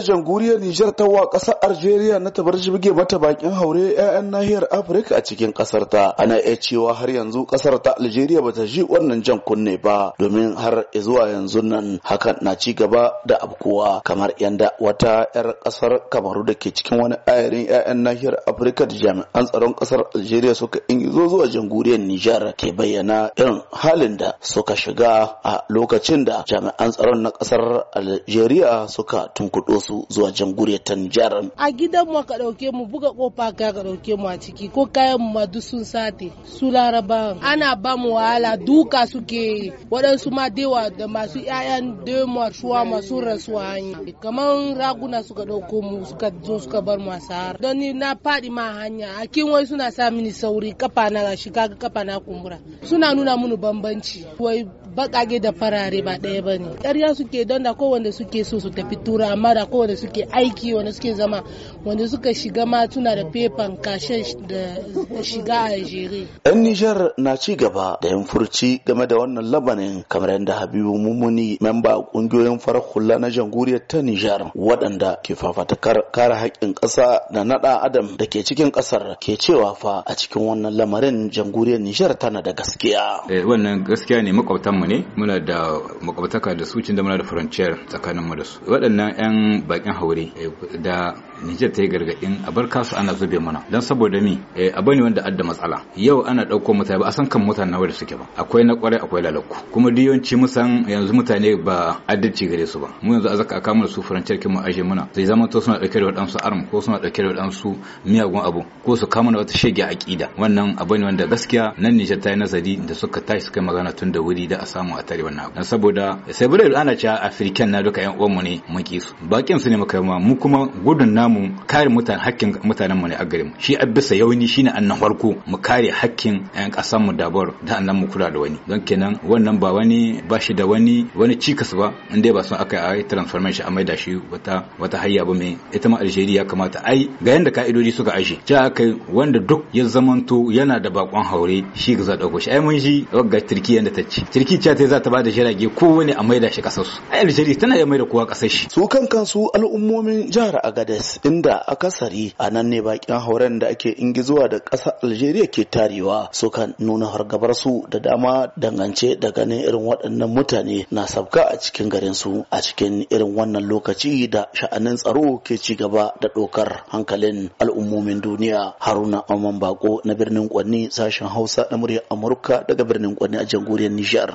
da jamhuriyar Nijar ta wa ƙasar Algeria na tabar jibge mata bakin haure 'ya'yan nahiyar Afirka a cikin ƙasar ta. Ana iya cewa har yanzu ƙasar ta Algeria bata ji wannan jan kunne ba domin har zuwa yanzu nan hakan na ci gaba da abkuwa kamar yanda wata 'yar ƙasar Kamaru da ke cikin wani ayarin 'ya'yan nahiyar Afirka da jami'an tsaron ƙasar Algeria suka zo zuwa jamhuriyar Nijar ke bayyana irin halin da suka shiga a lokacin da jami'an tsaron na ƙasar Algeria suka tunkuɗo su zuwa jamhuriyar Tanjar. A gidan mu ka dauke mu buga kofa ka ka dauke mu a ciki ko kayan mu ma duk sun sate su laraba ana ba mu wahala duka suke waɗansu ma dewa da masu 'ya'yan dema shuwa masu rasuwa hanya kamar raguna suka dauko mu suka zo suka bar mu a sahara don ni na faɗi ma hanya a wai suna sa mini sauri kafa na gashi kaga kafa na kumbura suna nuna mini bambanci wai bakage da farare ba ɗaya bane ƙarya suke don da kowanne suke so su tafi tura amma da ko wanda suke aiki wanda suke zama wanda suka shiga tuna da fefan kashen da shiga a jere. Yan Nijar na ci gaba da yin furci game da wannan labanin kamar yadda Habibu Mumuni memba kungiyoyin farar hula na jamhuriyar ta Nijar waɗanda ke fafatakar kare haƙƙin ƙasa da naɗa adam da ke cikin ƙasar ke cewa fa a cikin wannan lamarin jamhuriyar Nijar tana da gaskiya. Eh, wannan gaskiya ne makwabtanmu ne muna da makwabtaka da su cin da muna da tsakanin tsakaninmu da su. Waɗannan 'yan bakin haure eh, da Nijar ta yi gargaɗin a bar kasu ana zube mana don saboda mi eh, abu ne wanda adda matsala yau ana ɗauko mutane ba a san kan mutane nawa da suke ba akwai na kware akwai lalaku kuma duk musan yanzu mutane ba adalci gare su ba mu yanzu a zaka aka mana su furanciyar kin mu aje muna zai zama to suna ɗauke da waɗansu arm ko suna ɗauke da waɗansu miyagun abu ko su kama wata shege aƙida wannan abu ne wanda gaskiya nan Nijar ta yi nazari da suka tashi suka magana tun da wuri da a samu a tare wannan abu saboda sai bude ana cewa Afirkan na duka ƴan uwanmu ne mun ki su haƙƙin su ne muka yi mu kuma gudun namu kare mutane haƙƙin mutanen mu ne a garin shi a bisa yauni shine annan farko mu kare hakkin ƴan ƙasar mu dabar da annan mu kula da wani don kenan wannan ba wani ba shi da wani wani cikas ba inda ba son aka yi transformation a maida shi wata wata hayya ba mai ita ma Algeria ya kamata ai ga yanda ka'idodi suka aje ja aka wanda duk ya zamanto yana da bakon haure shi ga za dauko shi ai mun ji ga turki yanda ta ci Turkiya ta za ta ba da jirage wani a maida shi kasar su ai Algeria tana ya maida kowa kasar shi su kan kansu wasu al'ummomin jihar Agades inda akasari a nan ne bakin hauren da ake ingizuwa da ƙasar Algeria ke tarewa kan nuna hargabar su da dama dangance da ganin irin waɗannan mutane na sabka a cikin garin su a cikin irin wannan lokaci da sha'anin tsaro ke ci gaba da ɗaukar hankalin al'ummomin duniya Haruna Amman Bako na birnin Kwanni sashen Hausa na Murya Amurka daga birnin Kwanni a jamhuriyar Nijar.